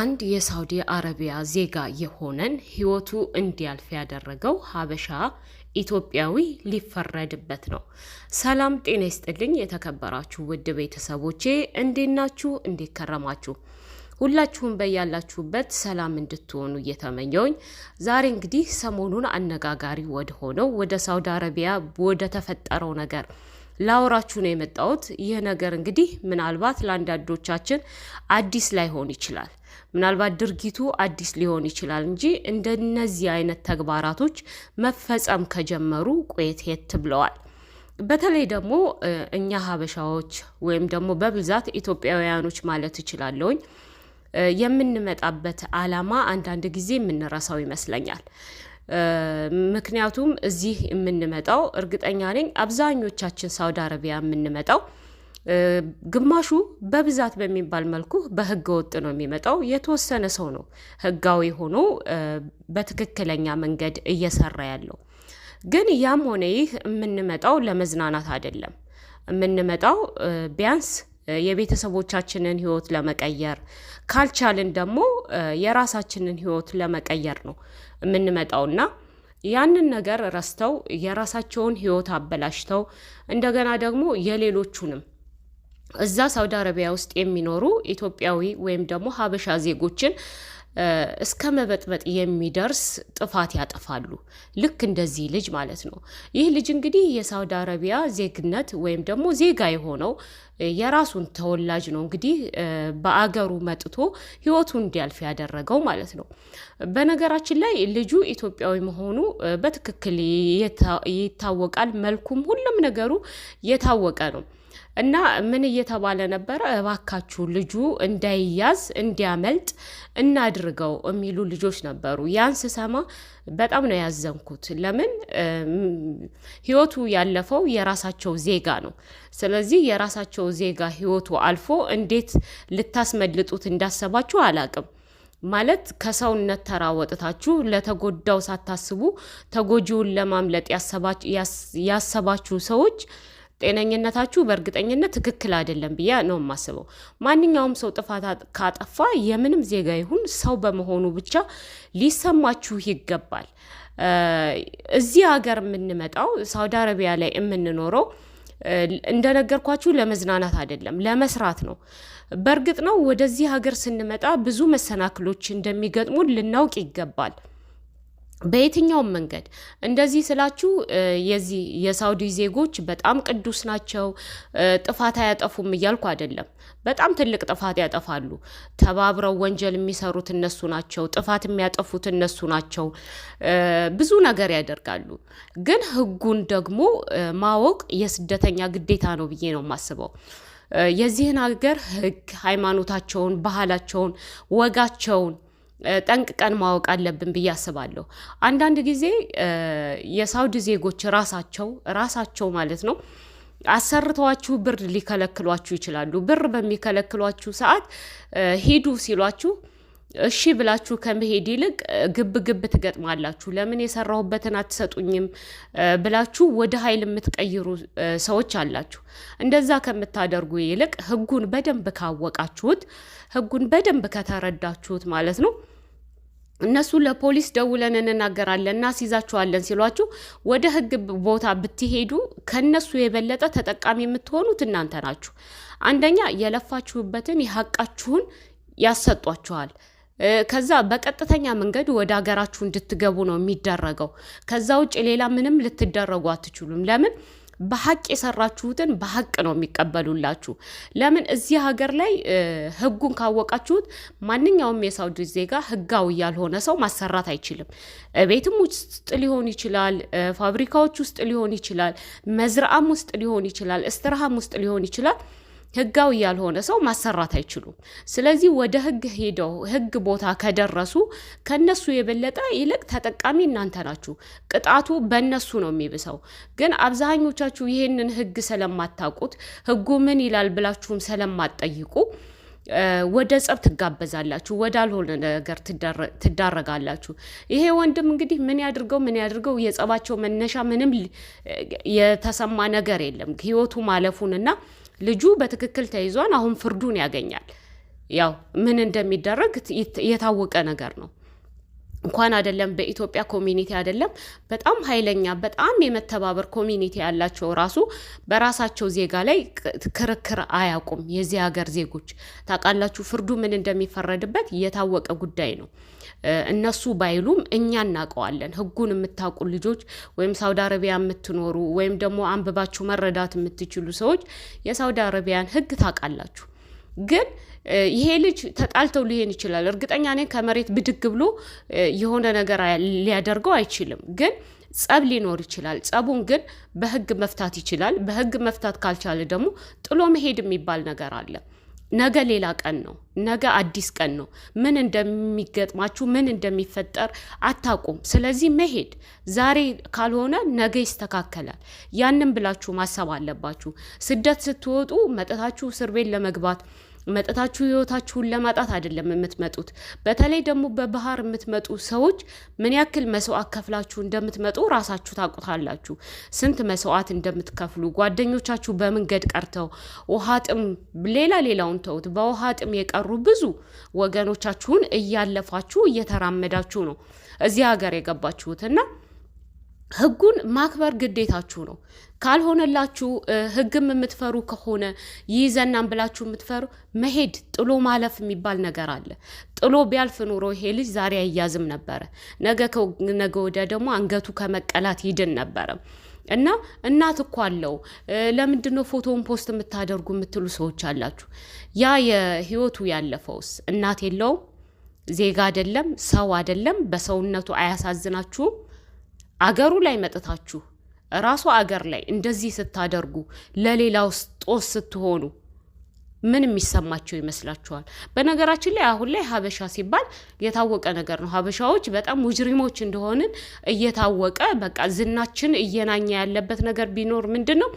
አንድ የሳውዲ አረቢያ ዜጋ የሆነን ህይወቱ እንዲያልፍ ያደረገው ሀበሻ ኢትዮጵያዊ ሊፈረድበት ነው። ሰላም ጤና ይስጥልኝ። የተከበራችሁ ውድ ቤተሰቦቼ እንዴት ናችሁ? እንዴት ከረማችሁ? ሁላችሁም በያላችሁበት ሰላም እንድትሆኑ እየተመኘውኝ ዛሬ እንግዲህ ሰሞኑን አነጋጋሪ ወደ ሆነው ወደ ሳውዲ አረቢያ ወደ ተፈጠረው ነገር ላውራችሁ ነው የመጣሁት። ይህ ነገር እንግዲህ ምናልባት ለአንዳንዶቻችን አዲስ ላይሆን ይችላል። ምናልባት ድርጊቱ አዲስ ሊሆን ይችላል እንጂ እንደነዚህ አይነት ተግባራቶች መፈጸም ከጀመሩ ቆየት ሄት ብለዋል። በተለይ ደግሞ እኛ ሀበሻዎች ወይም ደግሞ በብዛት ኢትዮጵያውያኖች ማለት እችላለሁኝ የምንመጣበት አላማ አንዳንድ ጊዜ የምንረሳው ይመስለኛል። ምክንያቱም እዚህ የምንመጣው እርግጠኛ ነኝ አብዛኞቻችን ሳውዲ አረቢያ የምንመጣው ግማሹ በብዛት በሚባል መልኩ በህገ ወጥ ነው የሚመጣው። የተወሰነ ሰው ነው ህጋዊ ሆኖ በትክክለኛ መንገድ እየሰራ ያለው። ግን ያም ሆነ ይህ የምንመጣው ለመዝናናት አይደለም። የምንመጣው ቢያንስ የቤተሰቦቻችንን ህይወት ለመቀየር ካልቻልን ደግሞ የራሳችንን ህይወት ለመቀየር ነው። የምንመጣውና ያንን ነገር ረስተው የራሳቸውን ህይወት አበላሽተው እንደገና ደግሞ የሌሎቹንም እዛ ሳውዲ አረቢያ ውስጥ የሚኖሩ ኢትዮጵያዊ ወይም ደግሞ ሀበሻ ዜጎችን እስከ መበጥበጥ የሚደርስ ጥፋት ያጠፋሉ። ልክ እንደዚህ ልጅ ማለት ነው። ይህ ልጅ እንግዲህ የሳውዲ አረቢያ ዜግነት ወይም ደግሞ ዜጋ የሆነው የራሱን ተወላጅ ነው እንግዲህ በአገሩ መጥቶ ህይወቱ እንዲያልፍ ያደረገው ማለት ነው። በነገራችን ላይ ልጁ ኢትዮጵያዊ መሆኑ በትክክል ይታወቃል። መልኩም ሁሉም ነገሩ የታወቀ ነው። እና ምን እየተባለ ነበረ? እባካችሁ ልጁ እንዳይያዝ እንዲያመልጥ እናድርገው የሚሉ ልጆች ነበሩ። ያን ስሰማ በጣም ነው ያዘንኩት። ለምን ህይወቱ ያለፈው የራሳቸው ዜጋ ነው። ስለዚህ የራሳቸው ዜጋ ህይወቱ አልፎ እንዴት ልታስመልጡት እንዳሰባችሁ አላቅም። ማለት ከሰውነት ተራ ወጥታችሁ ለተጎዳው ሳታስቡ ተጎጂውን ለማምለጥ ያሰባችሁ ሰዎች ጤነኝነታችሁ በእርግጠኝነት ትክክል አይደለም ብዬ ነው የማስበው። ማንኛውም ሰው ጥፋት ካጠፋ የምንም ዜጋ ይሁን ሰው በመሆኑ ብቻ ሊሰማችሁ ይገባል። እዚህ ሀገር የምንመጣው ሳውዲ አረቢያ ላይ የምንኖረው እንደነገርኳችሁ ለመዝናናት አይደለም፣ ለመስራት ነው። በእርግጥ ነው ወደዚህ ሀገር ስንመጣ ብዙ መሰናክሎች እንደሚገጥሙን ልናውቅ ይገባል። በየትኛውም መንገድ እንደዚህ ስላችሁ የዚህ የሳውዲ ዜጎች በጣም ቅዱስ ናቸው፣ ጥፋት አያጠፉም እያልኩ አይደለም። በጣም ትልቅ ጥፋት ያጠፋሉ። ተባብረው ወንጀል የሚሰሩት እነሱ ናቸው፣ ጥፋት የሚያጠፉት እነሱ ናቸው። ብዙ ነገር ያደርጋሉ። ግን ህጉን ደግሞ ማወቅ የስደተኛ ግዴታ ነው ብዬ ነው የማስበው። የዚህን ሀገር ህግ ሃይማኖታቸውን፣ ባህላቸውን፣ ወጋቸውን ጠንቅቀን ማወቅ አለብን ብዬ አስባለሁ። አንዳንድ ጊዜ የሳውዲ ዜጎች ራሳቸው ራሳቸው ማለት ነው አሰርተዋችሁ ብር ሊከለክሏችሁ ይችላሉ። ብር በሚከለክሏችሁ ሰዓት ሂዱ ሲሏችሁ እሺ ብላችሁ ከመሄድ ይልቅ ግብ ግብ ትገጥማላችሁ። ለምን የሰራሁበትን አትሰጡኝም ብላችሁ ወደ ኃይል የምትቀይሩ ሰዎች አላችሁ። እንደዛ ከምታደርጉ ይልቅ ሕጉን በደንብ ካወቃችሁት፣ ሕጉን በደንብ ከተረዳችሁት ማለት ነው እነሱ ለፖሊስ ደውለን እንናገራለን እናስይዛችኋለን ሲሏችሁ ወደ ህግ ቦታ ብትሄዱ ከነሱ የበለጠ ተጠቃሚ የምትሆኑት እናንተ ናችሁ። አንደኛ የለፋችሁበትን የሀቃችሁን ያሰጧችኋል። ከዛ በቀጥተኛ መንገድ ወደ ሀገራችሁ እንድትገቡ ነው የሚደረገው። ከዛ ውጭ ሌላ ምንም ልትደረጉ አትችሉም። ለምን? በሀቅ የሰራችሁትን በሀቅ ነው የሚቀበሉላችሁ። ለምን እዚህ ሀገር ላይ ህጉን ካወቃችሁት ማንኛውም የሳውዲ ዜጋ ህጋዊ ያልሆነ ሰው ማሰራት አይችልም። ቤትም ውስጥ ሊሆን ይችላል፣ ፋብሪካዎች ውስጥ ሊሆን ይችላል፣ መዝርአም ውስጥ ሊሆን ይችላል፣ እስትራሃም ውስጥ ሊሆን ይችላል። ህጋዊ ያልሆነ ሰው ማሰራት አይችሉም። ስለዚህ ወደ ህግ ሄደው ህግ ቦታ ከደረሱ ከነሱ የበለጠ ይልቅ ተጠቃሚ እናንተ ናችሁ። ቅጣቱ በእነሱ ነው የሚብሰው። ግን አብዛኞቻችሁ ይህንን ህግ ስለማታውቁት ህጉ ምን ይላል ብላችሁም ስለማትጠይቁ ወደ ጸብ ትጋበዛላችሁ፣ ወዳልሆነ ነገር ትዳረጋላችሁ። ይሄ ወንድም እንግዲህ ምን ያድርገው ምን ያድርገው፣ የጸባቸው መነሻ ምንም የተሰማ ነገር የለም ህይወቱ ማለፉንና ልጁ በትክክል ተይዟን አሁን ፍርዱን ያገኛል። ያው ምን እንደሚደረግ የታወቀ ነገር ነው። እንኳን አይደለም በኢትዮጵያ ኮሚኒቲ አይደለም በጣም ኃይለኛ በጣም የመተባበር ኮሚኒቲ ያላቸው ራሱ በራሳቸው ዜጋ ላይ ክርክር አያውቁም። የዚህ ሀገር ዜጎች ታውቃላችሁ፣ ፍርዱ ምን እንደሚፈረድበት የታወቀ ጉዳይ ነው። እነሱ ባይሉም እኛ እናውቀዋለን። ህጉን የምታውቁ ልጆች ወይም ሳውዲ አረቢያ የምትኖሩ ወይም ደግሞ አንብባችሁ መረዳት የምትችሉ ሰዎች የሳውዲ አረቢያን ህግ ታውቃላችሁ ግን ይሄ ልጅ ተጣልተው ሊሆን ይችላል። እርግጠኛ ነኝ ከመሬት ብድግ ብሎ የሆነ ነገር ሊያደርገው አይችልም ግን ጸብ ሊኖር ይችላል። ጸቡን ግን በህግ መፍታት ይችላል። በህግ መፍታት ካልቻለ ደግሞ ጥሎ መሄድ የሚባል ነገር አለ። ነገ ሌላ ቀን ነው። ነገ አዲስ ቀን ነው። ምን እንደሚገጥማችሁ ምን እንደሚፈጠር አታውቁም። ስለዚህ መሄድ ዛሬ ካልሆነ ነገ ይስተካከላል። ያንን ብላችሁ ማሰብ አለባችሁ። ስደት ስትወጡ መጠታችሁ እስር ቤት ለመግባት መጠታችሁ ህይወታችሁን ለማጣት አይደለም የምትመጡት። በተለይ ደግሞ በባህር የምትመጡ ሰዎች ምን ያክል መስዋዕት ከፍላችሁ እንደምትመጡ ራሳችሁ ታውቁታላችሁ። ስንት መስዋዕት እንደምትከፍሉ ጓደኞቻችሁ በመንገድ ቀርተው ውሃ ጥም፣ ሌላ ሌላውን ተውት፣ በውሃ ጥም የቀሩ ብዙ ወገኖቻችሁን እያለፋችሁ እየተራመዳችሁ ነው እዚህ ሀገር የገባችሁትና ህጉን ማክበር ግዴታችሁ ነው። ካልሆነላችሁ ህግም የምትፈሩ ከሆነ ይይዘናም ብላችሁ የምትፈሩ መሄድ ጥሎ ማለፍ የሚባል ነገር አለ። ጥሎ ቢያልፍ ኑሮ ይሄ ልጅ ዛሬ አይያዝም ነበረ። ነገ ነገ ወዲያ ደግሞ አንገቱ ከመቀላት ይድን ነበረ። እና እናት እኮ አለው። ለምንድን ነው ፎቶውን ፖስት የምታደርጉ የምትሉ ሰዎች አላችሁ። ያ የህይወቱ ያለፈውስ እናት የለውም፣ ዜጋ አይደለም፣ ሰው አይደለም። በሰውነቱ አያሳዝናችሁም? አገሩ ላይ መጥታችሁ ራሱ አገር ላይ እንደዚህ ስታደርጉ ለሌላው ጦስ ስትሆኑ ምን የሚሰማቸው ይመስላችኋል? በነገራችን ላይ አሁን ላይ ሀበሻ ሲባል የታወቀ ነገር ነው። ሀበሻዎች በጣም ሙጅሪሞች እንደሆንን እየታወቀ በቃ ዝናችን እየናኛ ያለበት ነገር ቢኖር ምንድን ነው?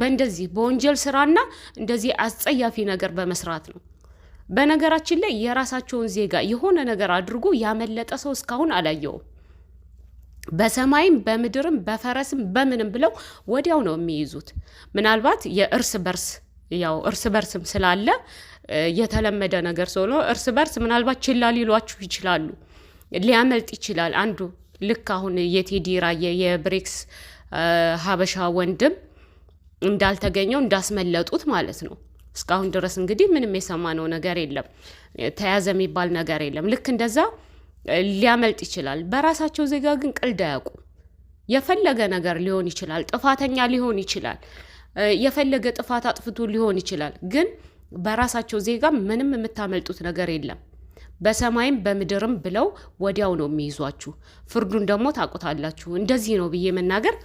በእንደዚህ በወንጀል ስራና እንደዚህ አስጸያፊ ነገር በመስራት ነው። በነገራችን ላይ የራሳቸውን ዜጋ የሆነ ነገር አድርጎ ያመለጠ ሰው እስካሁን አላየውም። በሰማይም በምድርም በፈረስም በምንም ብለው ወዲያው ነው የሚይዙት። ምናልባት የእርስ በርስ ያው እርስ በርስም ስላለ የተለመደ ነገር ስለሆነ እርስ በርስ ምናልባት ችላ ሊሏችሁ ይችላሉ። ሊያመልጥ ይችላል አንዱ ልክ አሁን የቴዲ ራዬ የብሬክስ ሀበሻ ወንድም እንዳልተገኘው እንዳስመለጡት ማለት ነው። እስካሁን ድረስ እንግዲህ ምንም የሰማነው ነገር የለም። ተያዘ የሚባል ነገር የለም። ልክ እንደዛ ሊያመልጥ ይችላል። በራሳቸው ዜጋ ግን ቀልድ አያውቁም። የፈለገ ነገር ሊሆን ይችላል፣ ጥፋተኛ ሊሆን ይችላል፣ የፈለገ ጥፋት አጥፍቶ ሊሆን ይችላል። ግን በራሳቸው ዜጋ ምንም የምታመልጡት ነገር የለም። በሰማይም በምድርም ብለው ወዲያው ነው የሚይዟችሁ። ፍርዱን ደግሞ ታውቁታላችሁ። እንደዚህ ነው ብዬ መናገር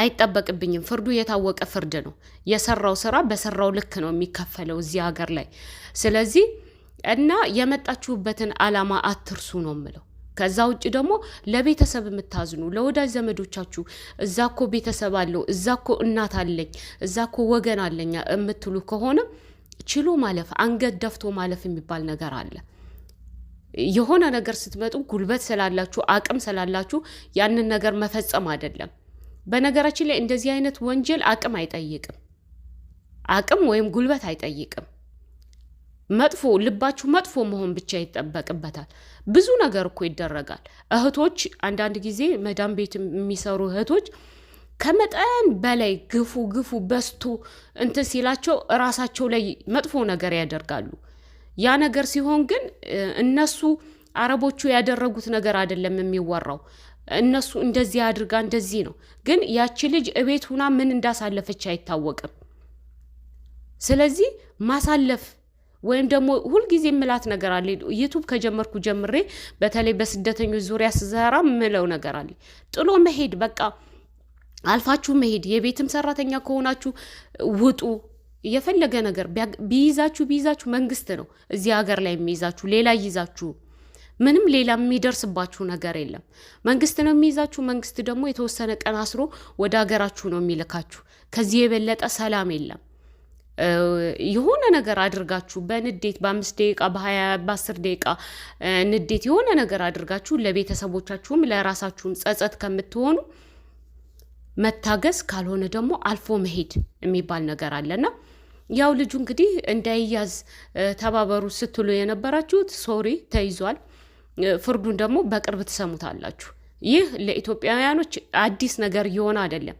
አይጠበቅብኝም። ፍርዱ የታወቀ ፍርድ ነው። የሰራው ስራ በሰራው ልክ ነው የሚከፈለው እዚህ ሀገር ላይ ስለዚህ እና የመጣችሁበትን አላማ አትርሱ ነው የምለው። ከዛ ውጭ ደግሞ ለቤተሰብ የምታዝኑ ለወዳጅ ዘመዶቻችሁ እዛ ኮ ቤተሰብ አለው እዛ ኮ እናት አለኝ እዛ ኮ ወገን አለኛ የምትሉ ከሆነ ችሎ ማለፍ አንገት ደፍቶ ማለፍ የሚባል ነገር አለ። የሆነ ነገር ስትመጡ ጉልበት ስላላችሁ አቅም ስላላችሁ ያንን ነገር መፈጸም አይደለም። በነገራችን ላይ እንደዚህ አይነት ወንጀል አቅም አይጠይቅም፣ አቅም ወይም ጉልበት አይጠይቅም። መጥፎ ልባችሁ መጥፎ መሆን ብቻ ይጠበቅበታል። ብዙ ነገር እኮ ይደረጋል። እህቶች አንዳንድ ጊዜ መዳም ቤት የሚሰሩ እህቶች ከመጠን በላይ ግፉ ግፉ በስቱ እንትን ሲላቸው እራሳቸው ላይ መጥፎ ነገር ያደርጋሉ። ያ ነገር ሲሆን ግን እነሱ አረቦቹ ያደረጉት ነገር አይደለም የሚወራው። እነሱ እንደዚህ አድርጋ እንደዚህ ነው፣ ግን ያቺ ልጅ እቤት ሁና ምን እንዳሳለፈች አይታወቅም። ስለዚህ ማሳለፍ ወይም ደግሞ ሁልጊዜ ምላት ነገር አለ። ዩቱብ ከጀመርኩ ጀምሬ በተለይ በስደተኞች ዙሪያ ስሰራ ምለው ነገር አለ። ጥሎ መሄድ በቃ አልፋችሁ መሄድ። የቤትም ሰራተኛ ከሆናችሁ ውጡ። የፈለገ ነገር ቢይዛችሁ ቢይዛችሁ መንግስት ነው እዚህ ሀገር ላይ የሚይዛችሁ። ሌላ ይዛችሁ ምንም ሌላ የሚደርስባችሁ ነገር የለም። መንግስት ነው የሚይዛችሁ። መንግስት ደግሞ የተወሰነ ቀን አስሮ ወደ ሀገራችሁ ነው የሚልካችሁ። ከዚህ የበለጠ ሰላም የለም። የሆነ ነገር አድርጋችሁ በንዴት በአምስት ደቂቃ በሀያ በአስር ደቂቃ ንዴት የሆነ ነገር አድርጋችሁ ለቤተሰቦቻችሁም ለራሳችሁም ጸጸት ከምትሆኑ መታገስ ካልሆነ ደግሞ አልፎ መሄድ የሚባል ነገር አለና ያው ልጁ እንግዲህ እንዳይያዝ ተባበሩ ስትሉ የነበራችሁት ሶሪ ተይዟል። ፍርዱን ደግሞ በቅርብ ትሰሙታላችሁ። ይህ ለኢትዮጵያውያኖች አዲስ ነገር የሆነ አይደለም።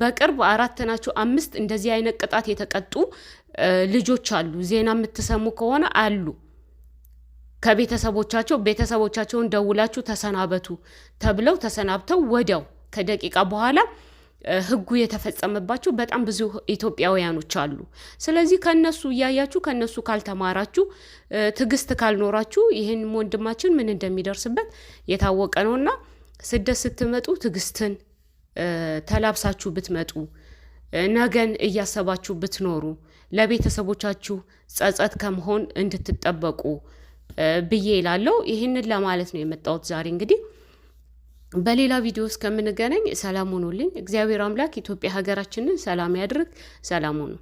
በቅርብ አራት ናቸው አምስት እንደዚህ አይነት ቅጣት የተቀጡ ልጆች አሉ። ዜና የምትሰሙ ከሆነ አሉ። ከቤተሰቦቻቸው ቤተሰቦቻቸውን ደውላችሁ ተሰናበቱ ተብለው ተሰናብተው ወዲያው ከደቂቃ በኋላ ህጉ የተፈጸመባቸው በጣም ብዙ ኢትዮጵያውያኖች አሉ። ስለዚህ ከነሱ እያያችሁ ከነሱ ካልተማራችሁ፣ ትዕግስት ካልኖራችሁ ይህን ወንድማችን ምን እንደሚደርስበት የታወቀ ነውና ስደት ስትመጡ ትዕግስትን ተላብሳችሁ ብትመጡ ነገን እያሰባችሁ ብትኖሩ ለቤተሰቦቻችሁ ጸጸት ከመሆን እንድትጠበቁ ብዬ ይላለው። ይህንን ለማለት ነው የመጣሁት ዛሬ እንግዲህ በሌላ ቪዲዮ እስከምንገናኝ ሰላም ሁኑልኝ። እግዚአብሔር አምላክ ኢትዮጵያ ሀገራችንን ሰላም ያድርግ። ሰላም ሁኑ።